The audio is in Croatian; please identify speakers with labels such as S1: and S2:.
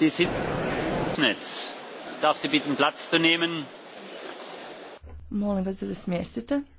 S1: die Sie bitten, Platz
S2: Molim vas da se smjestite.